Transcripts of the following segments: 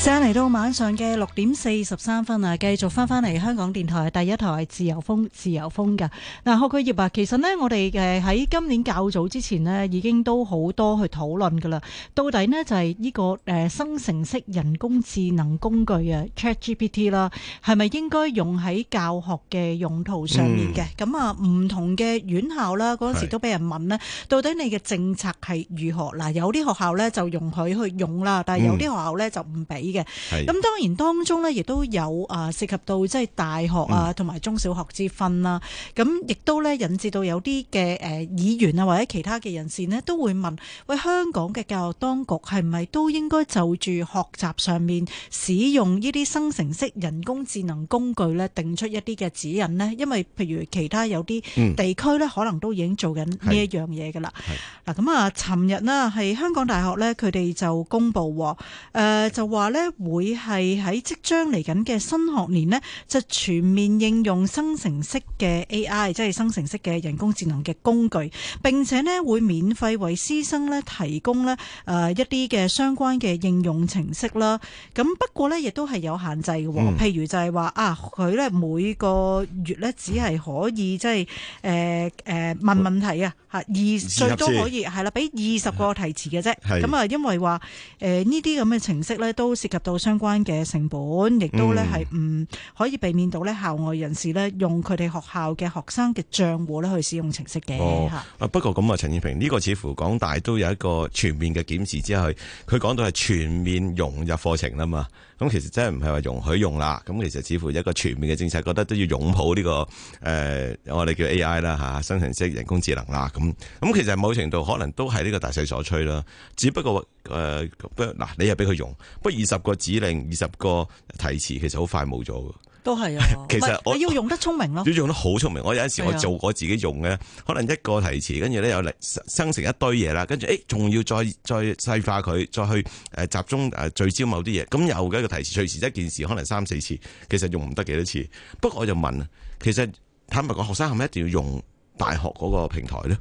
正嚟到晚上嘅六點四十三分啊，繼續翻翻嚟香港電台第一台自由風，自由風嘅嗱，佢桂葉啊，其實呢，我哋誒喺今年較早之前呢，已經都好多去討論噶啦，到底呢，就係、是、呢、這個誒、呃、生成式人工智能工具啊 ChatGPT 啦，係、mm. 咪應該用喺教學嘅用途上面嘅？咁啊，唔同嘅院校啦，嗰陣時都俾人問呢：「到底你嘅政策係如何？」嗱、呃，有啲學校呢就容許去用啦，但係有啲學校呢就唔俾。嘅，咁當然當中呢，亦都有啊，涉及到即係大學啊，同埋中小學之分啦。咁亦都咧引致到有啲嘅誒議員啊，或者其他嘅人士呢，都會問：喂，香港嘅教育當局係唔係都應該就住學習上面使用呢啲生成式人工智能工具咧，定出一啲嘅指引呢？因為譬如其他有啲地區咧，可能都已經做緊呢一樣嘢噶啦。嗱咁啊，尋日呢係香港大學咧，佢哋就公布誒、呃，就話咧。咧會係喺即將嚟緊嘅新學年咧，就全面應用生成式嘅 AI，即係生成式嘅人工智能嘅工具。並且咧會免費為師生咧提供咧誒一啲嘅相關嘅應用程式啦。咁不過咧亦都係有限制嘅，嗯、譬如就係話啊，佢咧每個月咧只係可以即係誒誒問問題啊吓二最多可以係啦，俾二十個提詞嘅啫。咁啊，因為話誒呢啲咁嘅程式咧都及到相關嘅成本，亦都咧係唔可以避免到咧校外人士咧用佢哋學校嘅學生嘅賬戶咧去使用程式嘅。哦，不過咁啊，陳燕平呢、這個似乎港大都有一個全面嘅檢視之下佢講到係全面融入課程啊嘛。咁其實真係唔係話容許用啦。咁其實似乎有一個全面嘅政策，覺得都要擁抱呢、這個誒、呃，我哋叫 AI 啦嚇，生成式人工智能啦。咁咁其實某程度可能都係呢個大勢所趨啦。只不過。誒，不嗱，你又俾佢用，不過二十個指令，二十個提示，其實好快冇咗嘅。都係啊，其實我要用得聰明咯，要用得好聰明。我有陣時我做我自己用嘅，可能一個提示，跟住，咧又嚟生成一堆嘢啦，跟住誒，仲要再再細化佢，再去誒集中誒聚焦某啲嘢。咁有嘅一個提示，隨時一件事可能三四次，其實用唔得幾多次。不過我就問啊，其實坦白講，學生係咪一定要用大學嗰個平台咧？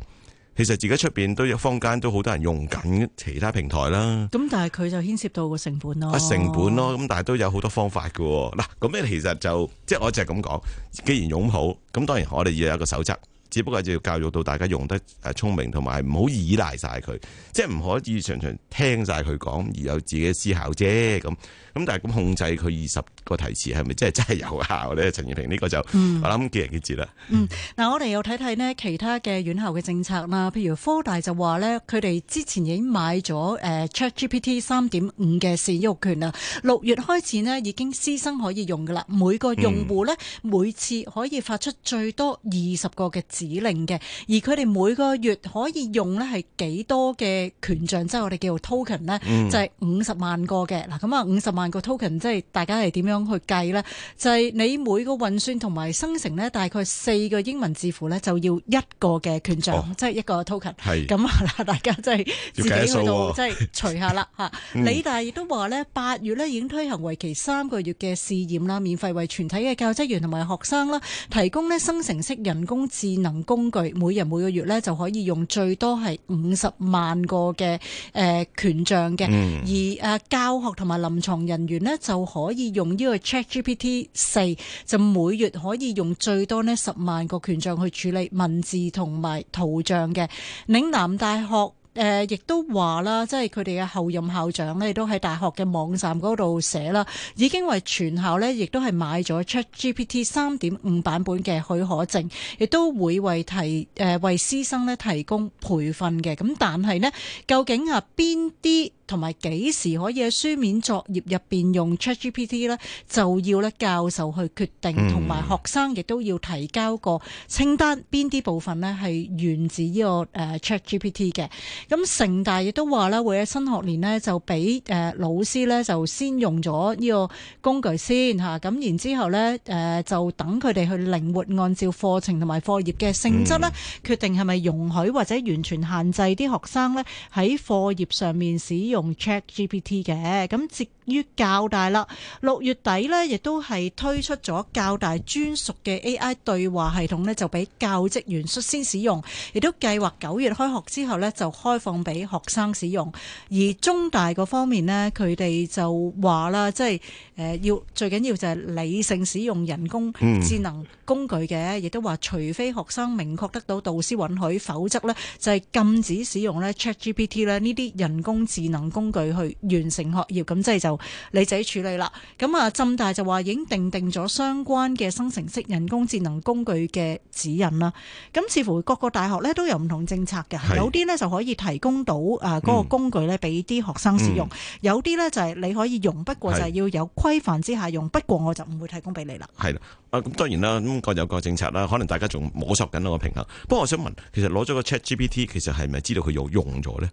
其實自己出邊都有坊間都好多人用緊其他平台啦，咁但係佢就牽涉到個成本咯。成本咯，咁但係都有好多方法噶。嗱，咁呢其實就即係我淨係咁講，既然用好，咁當然我哋要有一個守則。只不過就要教育到大家用得誒聰明，同埋唔好依賴曬佢，即係唔可以常常聽曬佢講，而有自己思考啫。咁咁但係咁控制佢二十個提示係咪真係真係有效咧？陳燕平呢個就我諗見仁見智啦。嗯，嗱我哋、嗯嗯、又睇睇呢其他嘅院校嘅政策啦，譬如科大就話咧，佢哋之前已經買咗 ChatGPT 三點五嘅使用權啦，六月開始呢，已經師生可以用噶啦，每個用戶咧每次可以發出最多二十個嘅指令嘅，而佢哋每個月可以用咧係幾多嘅權杖，即係我哋叫做 token 咧、嗯，就係五十萬個嘅。嗱，咁啊五十萬個 token 即係大家係點樣去計咧？就係、是、你每個運算同埋生成咧大概四個英文字符咧就要一個嘅權杖，即係一個 token。係。咁啊，大家即係自己去到即係除下啦吓，你但係亦都話咧，八月咧已經推行為期三個月嘅試驗啦，免費為全體嘅教職員同埋學生啦提供咧生成式人工智能。工具每人每個月咧就可以用最多係五十萬個嘅誒權杖嘅。而誒教學同埋臨牀人員咧就可以用呢個 ChatGPT 四，就每月可以用最多咧十萬個權杖去處理文字同埋圖像嘅。嶺南大學。誒、呃，亦都話啦，即係佢哋嘅候任校長咧，都喺大學嘅網站嗰度寫啦，已經為全校咧，亦都係買咗 ChatGPT 三點五版本嘅許可證，亦都會為提誒、呃、為師生咧提供培訓嘅。咁但係呢，究竟啊邊啲，同埋幾時可以喺書面作業入邊用 ChatGPT 咧，就要咧教授去決定，同、嗯、埋學生亦都要提交個清單，邊啲部分咧係源自呢個誒 ChatGPT 嘅。咁城大亦都話咧，會喺新學年咧就俾誒老師咧就先用咗呢個工具先吓，咁，然之後咧誒就等佢哋去靈活按照課程同埋課業嘅性質咧、嗯，決定係咪容許或者完全限制啲學生咧喺課業上面使用。用 ChatGPT 嘅，咁至於教大啦，六月底咧亦都係推出咗教大專屬嘅 AI 對話系統咧，就俾教職員率先使用，亦都計劃九月開學之後咧就開放俾學生使用。而中大個方面咧，佢哋就話啦，即係誒要最緊要就係理性使用人工智能工具嘅，亦都話除非學生明確得到導師允許，否則咧就係禁止使用咧 ChatGPT 咧呢啲人工智能工具去完成學業，咁即係就你自己處理啦。咁啊，浸大就話已經定定咗相關嘅生成式人工智能工具嘅指引啦。咁似乎各個大學咧都有唔同政策嘅，有啲咧就可以提供到嗰個工具咧俾啲學生使用，嗯嗯、有啲咧就係你可以用，不過就係要有規範之下用。不過我就唔會提供俾你啦。係啦，啊咁當然啦，咁各有各個政策啦，可能大家仲摸索緊個平衡。不過我想問，其實攞咗個 ChatGPT，其實係咪知道佢有用咗咧？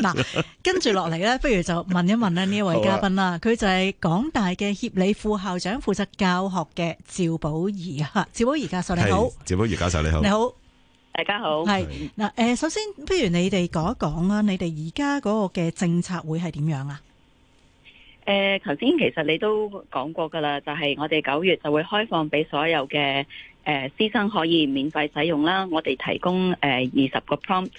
嗱、 啊，跟住落嚟咧，不如就問一問咧呢一位嘉賓啦。佢、啊、就係港大嘅協理副校長，負責教學嘅趙寶貽啊，趙寶貽教授你好，趙寶貽教授你好，你好，大家好，係嗱。誒，首先不如你哋講一講啊，你哋而家嗰個嘅政策會係點樣啊？誒、呃，頭先其實你都講過噶啦，就係、是、我哋九月就會開放俾所有嘅誒、呃、師生可以免費使用啦。我哋提供誒二十個 prompt。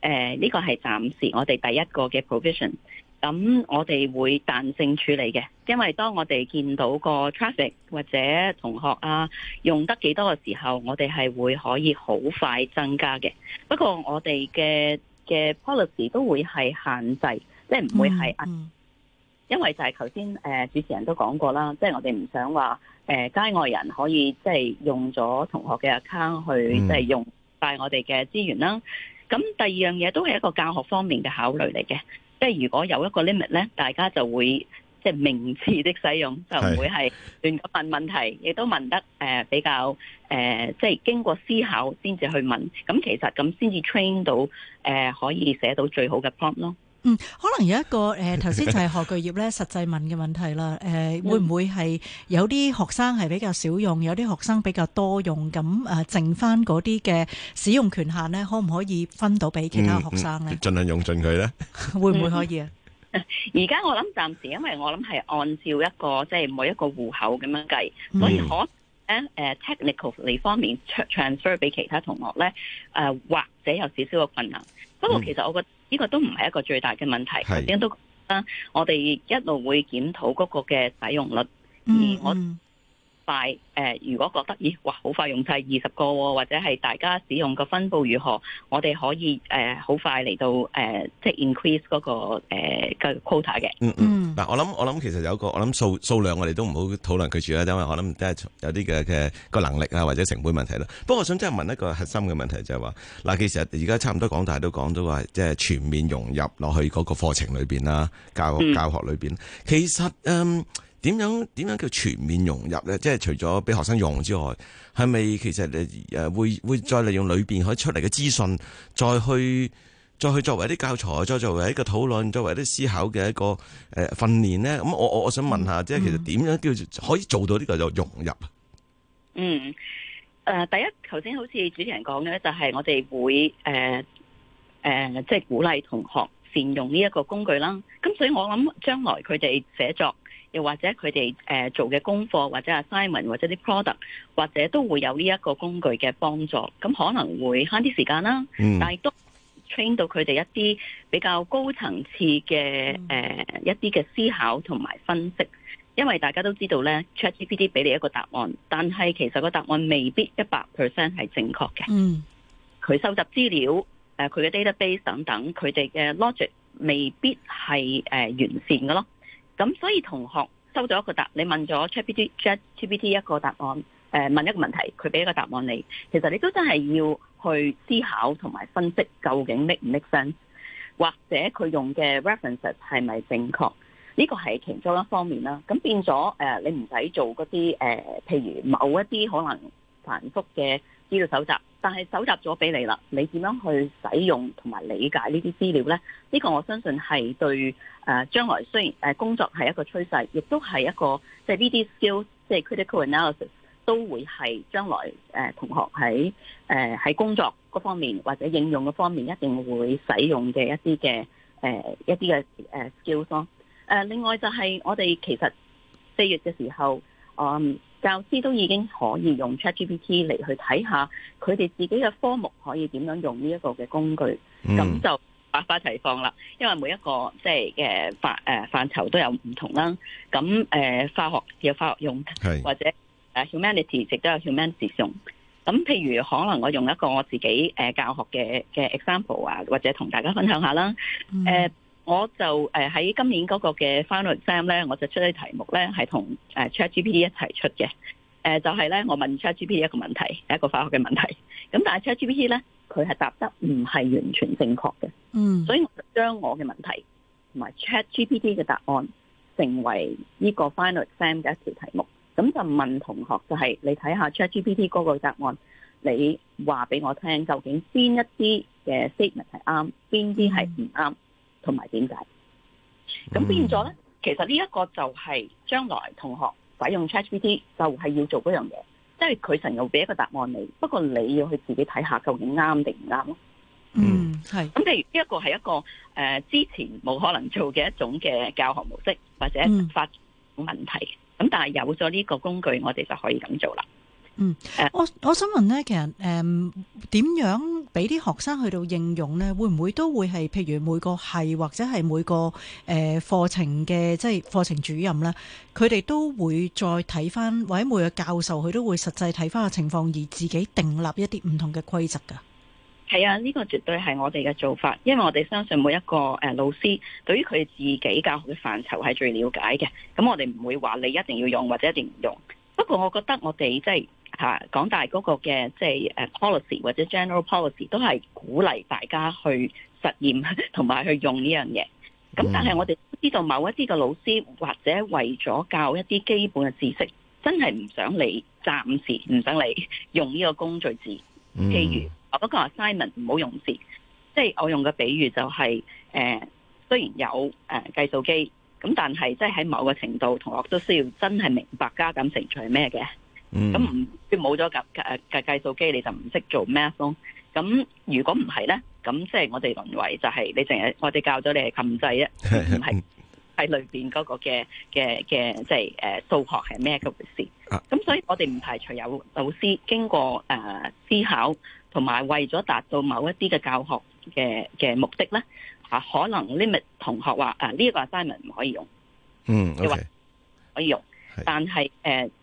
誒、呃、呢、這個係暫時我哋第一個嘅 provision，咁、嗯、我哋會彈性處理嘅，因為當我哋見到個 traffic 或者同學啊用得幾多嘅時候，我哋係會可以好快增加嘅。不過我哋嘅嘅 policy 都會係限制，即係唔會係、mm-hmm. 因為就係頭先主持人都講過啦，即係我哋唔想話誒、呃、街外人可以即係用咗同學嘅 account 去即係、mm-hmm. 用曬我哋嘅資源啦。咁第二樣嘢都係一個教學方面嘅考慮嚟嘅，即係如果有一個 limit 咧，大家就會即係明智的使用，就唔會係亂咁問問題，亦都問得誒、呃、比較誒、呃、即係經過思考先至去問，咁其實咁先至 train 到誒、呃、可以寫到最好嘅 prompt 咯。嗯，可能有一個誒，頭先就係學具業咧，實際問嘅問題啦。誒，會唔會係有啲學生係比較少用，有啲學生比較多用？咁誒，剩翻嗰啲嘅使用權限咧，可唔可以分到俾其他學生咧？盡量用盡佢咧，會唔會可以啊？而家我諗暫時，因為我諗係按照一個即係每一個戶口咁樣計，所以可能誒 technical 嚟方面 transfer 俾其他同學咧誒，或者有少少嘅困難。不過其實我覺得。呢、這個都唔係一個最大嘅問題，點都得我哋一路會檢討嗰個嘅使用率，嗯、而我。快誒！如果覺得咦哇，好快用晒二十個，或者係大家使用個分布如何，我哋可以誒好、呃、快嚟到誒、呃，即係 increase 嗰、那個、呃、的 quota 嘅、嗯。嗯嗯。嗱，我諗我諗其實有個我諗數數量，我哋都唔好討論佢住啦，因為我諗都係有啲嘅嘅個能力啊，或者成本問題啦。不過我想即係問一個核心嘅問題，就係話嗱，其實而家差唔多港大都講到話，即係全面融入落去嗰個課程裏邊啦，教教學裏邊、嗯，其實嗯。點樣點樣叫全面融入咧？即係除咗俾學生用之外，係咪其實誒誒會會再利用裏邊可以出嚟嘅資訊，再去再去作為一啲教材，再作為一個討論，作為一啲思考嘅一個誒訓練咧？咁、呃、我我我想問下，即係其實點樣叫可以做到呢個就融入？嗯，誒、呃、第一頭先好似主持人講嘅，就係、是、我哋會誒誒，即、呃、係、呃就是、鼓勵同學善用呢一個工具啦。咁所以我諗將來佢哋寫作。又或者佢哋誒做嘅功課，或者 assignment，或者啲 product，或者都會有呢一個工具嘅幫助。咁可能會慳啲時間啦、嗯，但係都 train 到佢哋一啲比較高層次嘅誒、嗯呃、一啲嘅思考同埋分析。因為大家都知道咧，ChatGPT 俾你一個答案，但係其實個答案未必一百 percent 係正確嘅。嗯，佢收集資料，佢、呃、嘅 database 等等，佢哋嘅 logic 未必係誒、呃、完善嘅咯。咁所以同學收咗一個答案，你問咗 ChatGPT 一個答案，誒問一個問題，佢俾一個答案你，其實你都真係要去思考同埋分析，究竟 make 唔 make sense，或者佢用嘅 references 係咪正確？呢個係其中一方面啦。咁變咗誒，你唔使做嗰啲誒，譬如某一啲可能繁複嘅。資料搜集，但係搜集咗俾你啦，你點樣去使用同埋理解呢啲資料呢？呢、這個我相信係對誒將來雖然工作係一個趨勢，亦都係一個即係呢啲 skill，s 即係 critical analysis 都會係將來同學喺喺工作嗰方面或者應用嘅方面一定會使用嘅一啲嘅一啲嘅 skill 咯。誒另外就係我哋其實四月嘅時候，嗯。教師都已經可以用 ChatGPT 嚟去睇下佢哋自己嘅科目可以點樣用呢一個嘅工具，咁、嗯、就百花齊放啦。因為每一個即係嘅範誒範疇都有唔同啦。咁誒、呃、化學有化學用，或者誒、啊、humanity 亦都有 humanity 用。咁譬如可能我用一個我自己誒、呃、教學嘅嘅 example 啊，或者同大家分享下啦，嗯呃我就誒喺今年嗰個嘅 final exam 咧，我就出啲題目咧，係同 ChatGPT 一齊出嘅。誒就係咧，我問 ChatGPT 一個問題，一個化學嘅問題。咁但係 ChatGPT 咧，佢係答得唔係完全正確嘅。嗯，所以我就將我嘅問題同埋 ChatGPT 嘅答案成為呢個 final exam 嘅一條題目。咁就問同學、就係，就係你睇下 ChatGPT 嗰個答案，你話俾我聽，究竟邊一啲嘅 statement 係啱，邊啲係唔啱？嗯嗯同埋點解？咁變咗咧，其實呢一個就係將來同學使用 ChatGPT 就係要做嗰樣嘢，即係佢成日俾一個答案你，不過你要去自己睇下究竟啱定唔啱咯。嗯，係。咁譬如呢一個係一個誒之前冇可能做嘅一種嘅教學模式或者發問題，咁、嗯、但係有咗呢個工具，我哋就可以咁做啦。嗯，我我想問呢，其實誒，嗯、點樣俾啲學生去到應用呢？會唔會都會係，譬如每個系或者係每個誒課程嘅，即係課程主任呢，佢哋都會再睇翻，或者每個教授佢都會實際睇翻個情況，而自己訂立一啲唔同嘅規則噶。係啊，呢個絕對係我哋嘅做法，因為我哋相信每一個誒、呃、老師對於佢自己教學嘅範疇係最了解嘅。咁我哋唔會話你一定要用或者一定唔用。不過我覺得我哋即係。啊！港大嗰個嘅即、uh, policy 或者 general policy 都係鼓勵大家去實驗同埋去用呢樣嘢。咁但係我哋知道某一啲嘅老師或者為咗教一啲基本嘅知識，真係唔想你暫時唔想你用呢個工具字，譬如我嗰個 assignment 唔好用字。即係我用嘅比喻就係、是、誒、呃，雖然有誒、呃、計數機，咁但係即係喺某個程度，同學都需要真係明白加減程序係咩嘅。咁唔即冇咗計誒計計數機，你就唔識做 math 咯。咁如果唔係咧，咁即係我哋認為就係你淨係我哋教咗你係撳掣啫，唔係喺裏邊嗰個嘅嘅嘅即係誒數學係咩嘅回事。咁、啊、所以我哋唔排除有老師經過誒、呃、思考，同埋為咗達到某一啲嘅教學嘅嘅目的咧，啊、呃、可能 limit 同學話誒呢一個 assignment 唔可以用，嗯，就、okay, 話可以用，但係誒。呃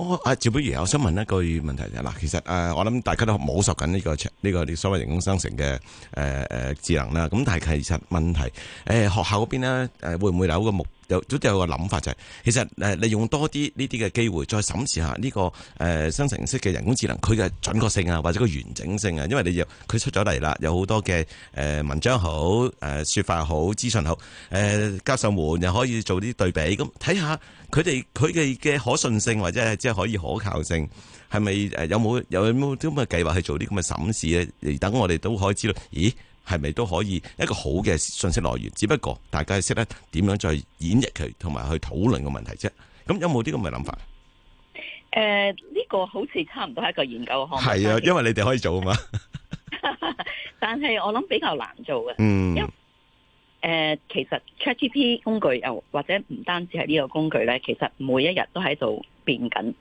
哦，阿趙寶貽，我想問一句問題就係嗱，其實誒我諗大家都摸索緊呢個呢、這個你所謂人工生成嘅誒誒智能啦。咁但係其實問題誒學校邊邊咧誒會唔會有一個目，有都有個諗法就係、是、其實誒你用多啲呢啲嘅機會再審視下呢、這個誒、呃、生成式嘅人工智能佢嘅準確性啊，或者個完整性啊，因為你要佢出咗嚟啦，有好多嘅誒文章好誒說法好資訊好，誒教授們又可以做啲對比，咁睇下佢哋佢哋嘅可信性或者係。可以可靠性係咪誒有冇有冇啲咁嘅計劃去做啲咁嘅審視咧？等我哋都可以知道，咦係咪都可以一個好嘅信息來源？只不過大家識得點樣再演繹佢，同埋去討論個問題啫。咁有冇啲咁嘅諗法？誒、呃，呢、這個好似差唔多係一個研究項，係啊，因為你哋可以做啊嘛。 但係我諗比較難做嘅，嗯。因誒、呃，其實 ChatGPT 工具又或者唔單止係呢個工具咧，其實每一日都喺度。變、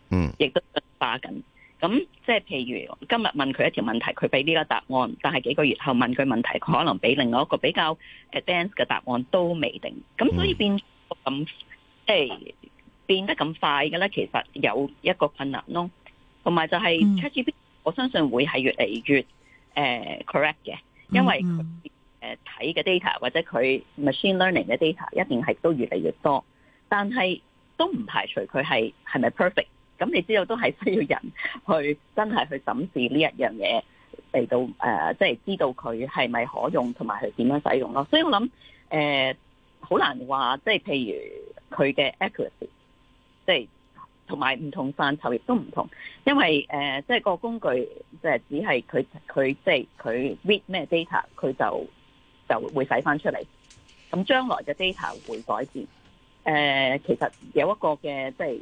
嗯、緊，亦都化緊。咁即係，譬如今日問佢一條問題，佢俾呢個答案，但係幾個月後問佢問題，佢、嗯、可能俾另外一個比較 advanced 嘅答案都未定。咁所以變咁即係變得咁快嘅咧，其實有一個困難咯。同埋就係、是、HGB，、嗯、我相信會係越嚟越誒、呃、correct 嘅，因為佢誒睇嘅 data 或者佢 machine learning 嘅 data 一定係都越嚟越多，但係。都唔排除佢係係咪 perfect，咁你知道都係需要人去真係去審視呢一樣嘢嚟到誒，即、呃、係、就是、知道佢係咪可用同埋係點樣使用咯。所以我諗誒，好、呃、難話，即、就、係、是、譬如佢嘅 accuracy，即係同埋唔同範疇亦都唔同，因為誒，即、呃、係、就是、個工具即係、就是、只係佢佢即係佢 read 咩 data，佢就就會使翻出嚟。咁將來嘅 data 會改變。誒、呃，其實有一個嘅，即係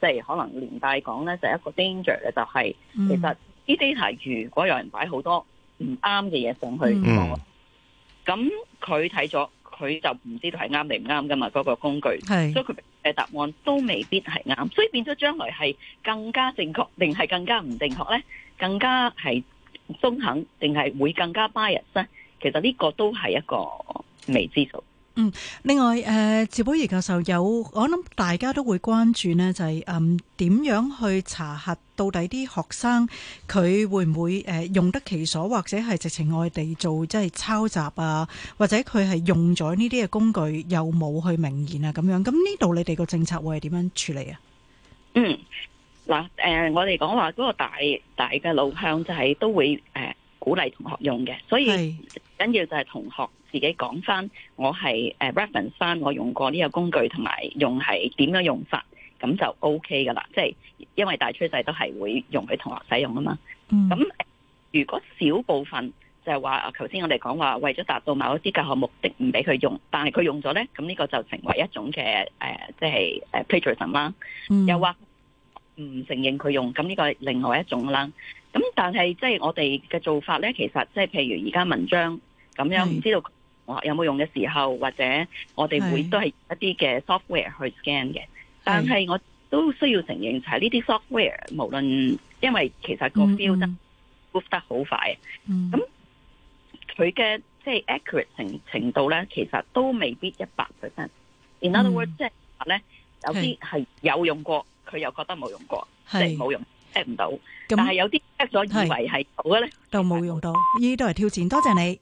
即係可能連帶講咧，就係、一個 danger 咧，就係、是、其實啲 data 如果有人擺好多唔啱嘅嘢上去咁，佢睇咗，佢就唔知道係啱定唔啱噶嘛。嗰、嗰個工具，所以佢誒答案都未必係啱，所以變咗將來係更加正確定係更加唔正確咧？更加係中肯定係會更加 bias 咧？其實呢個都係一個未知數。嗯，另外誒，趙寶貽教授有，我諗大家都會關注咧，就係誒點樣去查核到底啲學生佢會唔會誒用得其所，或者係直情外地做即係抄襲啊，或者佢係用咗呢啲嘅工具又冇去明言啊咁樣。咁呢度你哋個政策會係點樣處理啊？嗯，嗱，誒，我哋講話嗰個大大嘅路向就係都會誒鼓勵同學用嘅，所以緊要就係同學。自己講翻，我係 reference 翻我用過呢個工具，同埋用係點樣用法，咁就 O K 噶啦。即、就、係、是、因為大趨勢都係會用佢同學使用啊嘛。咁、嗯、如果少部分就係話，頭先我哋講話為咗達到某一啲教學目的，唔俾佢用，但係佢用咗咧，咁呢個就成為一種嘅即係、呃就是、patron 啦。嗯、又或唔承認佢用，咁呢個另外一種啦。咁但係即係我哋嘅做法咧，其實即係譬如而家文章咁樣，唔知道。有冇用嘅時候，或者我哋會都係一啲嘅 software 去 scan 嘅，但係我都需要承認就係呢啲 software 無論，因為其實個 field move 得好快，咁佢嘅即係 accurate 程程度咧，其實都未必一百 percent。In other words，即係話咧，有啲係有用過，佢又覺得冇用過，即係冇用，check 唔到。但係有啲 check 咗以為係好嘅咧，就冇用到。呢啲都係挑戰。多謝你。